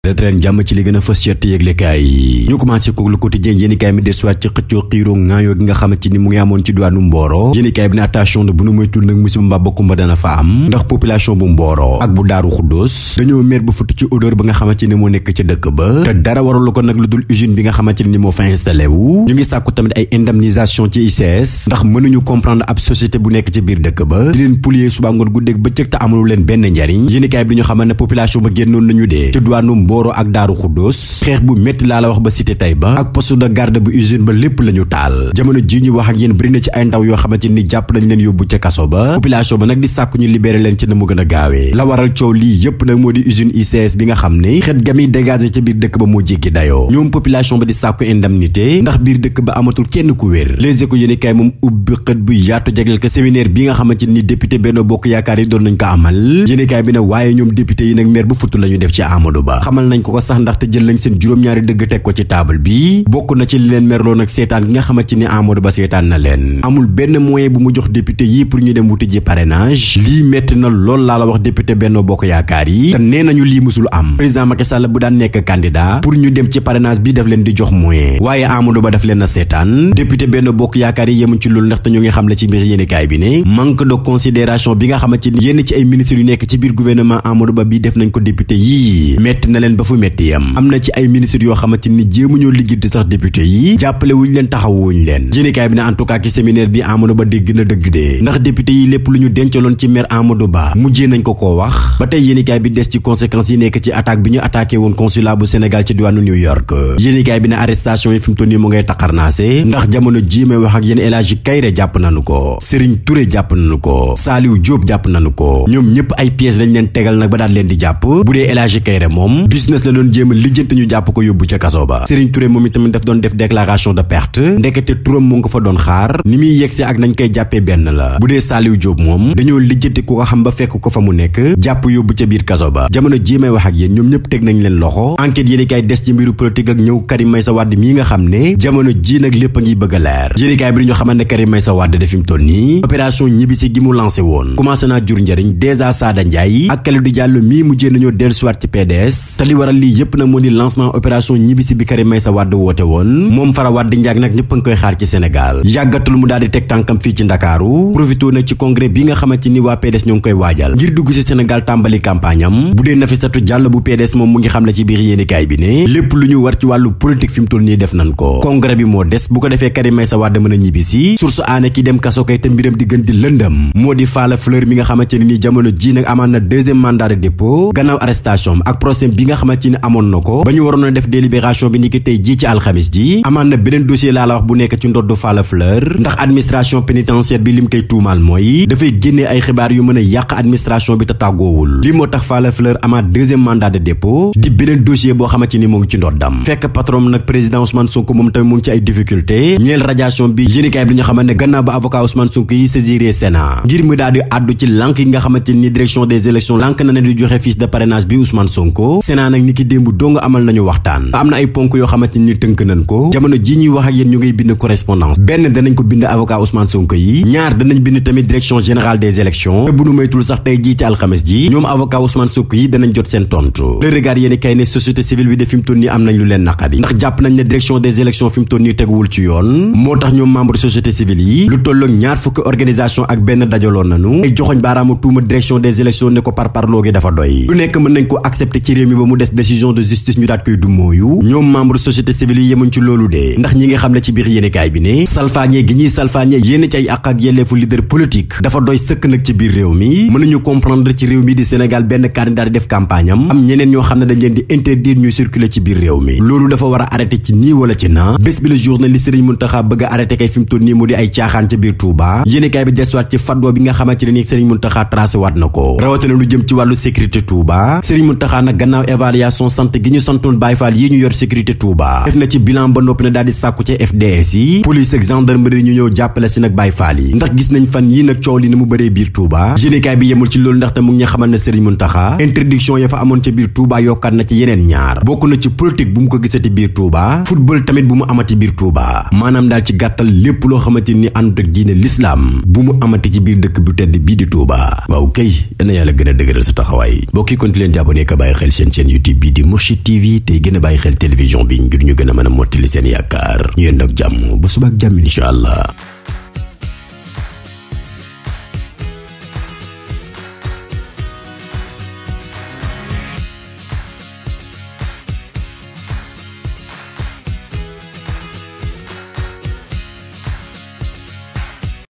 retraite jàmm ci li gën a fës ci yëglekaay yi ñu commencé ko le quotidien yéenikaay mi bi ne attention de bu nu moytul nag musiba mbaa bokkumba dana bu ba nga xamante ni moo nekk ca dëkk ba te dara waralu ko nag lu dul usine bi nga xamante ni moo fa installé wu ñu ngi sàkku tamit ay indemnisation ci ICS ndax mënuñu nekk ci biir dëkk ba di leen poulier suba ngoon guddeeg bëccëg te amalu leen benn njariñ yéenikaay bi ñu xamal ne population ba génnoon nañu dee ci diwaanu Mboro Mboro ak Daaru Xuddoos xeex bu métti laa la wax ba cité Taïba ak poste de garde bu usine ba lépp la taal jamono ji ñu wax ak yéen bëri ci ay ndaw yoo xamante ni jàpp nañ leen yóbbu ca kaso ba population ba nag di sàkku ñu libéré leen ci na mu gën a gaawee la waral coow lii yépp nag moo di usine ICS bi nga xam ne xet gamiy dégagé ca biir dëkk ba moo jéggi dayoo ñoom population ba di sàkku indemnité ndax biir dëkk ba amatul kenn ku wér les ko xamal nañ ko ko sax ndaxte jël nañ seen juróom-ñaari dëgg teg ko ci taabal bi bokk na ci li yi pour ñu dem wuti ji parrainage lii metti na lool laa la wax député Benno Bokk Yaakaar yi te nee nañu lii musul am président Macky Sall bu daan nekk candidat pour ñu dem ci parrainage bi daf leen di jox moyen waaye Amadou Ba daf leen a seetaan député Benno Bokk Yaakaar yi yemuñ ci loolu ndaxte ñu ngi xam ci mbir yéenekaay bi ne manque de considération bi nga xamante ni yenn ci ay ministres yu nekk ci biir gouvernement Amadou Ba bi def nañ ko député yii metti na leen leen ba fu metti yam am na ci ay ministre yoo xamante ni jéemuñoo liggéey sax député yi jàppale wuñ leen taxawuñ leen yéenekaay bi ne en tout cas ci séminaire bi Amadou Ba dégg na dëgg dee ndax député yi lépp lu ñu dencaloon ci maire Amadou Ba mujjee nañ ko koo wax ba tey yéenekaay bi des ci conséquences yi nekk ci attaque bi ñu attaqué woon consulat bu Sénégal ci diwaanu New York yéenekaay bi ne arrestation yi fi mu toll nii mu ngay taxarnaase ndax jamono jii may wax ak yéen El Hadji Kayre jàpp nañu ko Serigne Touré jàpp nañu ko Saliou Diop jàpp nañu ko ñoom ñëpp ay lañ leen tegal nag ba daal leen di jàpp bu dee El business la doon jéem a lijjanti ñu jàpp ko yóbbu ca kaso ba Serigne Touré moom itamit daf doon def déclaration de perte ndekete turam mu nga fa doon xaar ni muy yegsi ak nañ koy jàppee benn la bu dee Saliou Diop moom dañoo lijjanti ku ko xam ba fekk ko fa mu nekk jàpp yóbbu ca biir kaso ba jamono jii may wax ak yéen ñoom ñëpp teg nañ leen loxo enquête yéen kaay des ci mbiru politique ak ñëw Karim Meïssa Wade mii nga xam ne jamono ji nag lépp a ngi bëgg a leer yéen kaay bi dañu xamal ne Karim Meïssa Wade def fi mu toll nii gi mu lancé woon commencé naa jur njëriñ dèjà Sada Ndiaye ak Kalidou Diallo mii mujjee nañoo dellusiwaat ci PDS li waral lii yëpp nag moo di lancement opération ñibbisi bi Karim Meïssa Wade woote woon moom Fara Wade nag ñëpp a koy xaar ci Sénégal yàggatul mu daal teg tànkam fii ci Ndakaaru profité nag ci congrès bi nga xamante ni waa PDS ñoo ngi koy waajal ngir dugg si Sénégal tàmbali campagne bu dee Nafissatou Diallo bu PDS moom mu ngi xam ne ci biir yéenikaay bi ne lépp lu ñu war ci wàllu politique fi nii def nañ ko congrès bi moo des bu xamante ni amoon na ko ba ñu waroon a def délibération ci alxamis ji amaan na beneen dossier laa la wax bu mooy dafay génnee ay xibaar yu mën a yàq administration bi te tàggoowul li moo tax Falla Fleur amaat deuxième mandat de dépôt di beneen dossier boo xamante ni moo ngi ci ndoddam fekk patron nag président Ousmane Sonko moom tamit mu ci ay difficulté ñeel radiation bi yéenekaay bi li ñu ne gannaaw ba avocat Ousmane Sonko yi saisiré Sénat ngir mu daal di àddu ci lànk yi nga xamante ni direction des élections lànk na ne du joxe fiche de parrainage bi Ousmane Sonko Sénat naa nag ni ki démb doo nga amal nañu waxtaan am na ay ponk yoo xamante ni tënk nañ ko jamono ji ñuy wax ak ñu ngay bind correspondance benn danañ ko bind avocat Ousmane Sonko yi ñaar danañ bind tamit direction générale des élections te bu nu maytul sax tey jii ci alxames ji ñoom avocat Ousmane Sonko yi danañ jot seen tontu le regard kay ne société civile bi de fi mu toll am nañ lu leen naqari ndax jàpp nañ ne direction des élections fi mu toll nii des décision de justice ñu daat koy du mooyu ñoom membre société civile yi yemuñ ci loolu de ndax ñi nga xam ne ci biir yéenekaay bi ne salfaañee gi ñuy salfaañee yénn ci ay àq ak yelleefu leader ci biir réew mi mënuñu comprendre am xam ne ci biir réew mi loolu dafa a arrêté ci nii bi la journaliste Serigne Mountakha nii mu di ay caaxaan waat na ko rawatina lu jëm ci wàllu sécurité Touba Serigne Mountakha nag gannaaw Fall yaa son sant gi ñu santoon Baye Fall yi ñu yor sécurité Touba def na ci bilan ba noppi ne daal sàkku ci FDS yi police ak gendarmerie ñu bu mu a sa taxawaay bokki konti leen di abonné bàyyi xel seen seen chaîne YouTube bi di Mourchid TV tey gën a bàyyi xel télévision bi ngir ñu gën a mën a mottali seen yaakaar ñu yendoo ak jàmm ba suba ak jàmm incha allah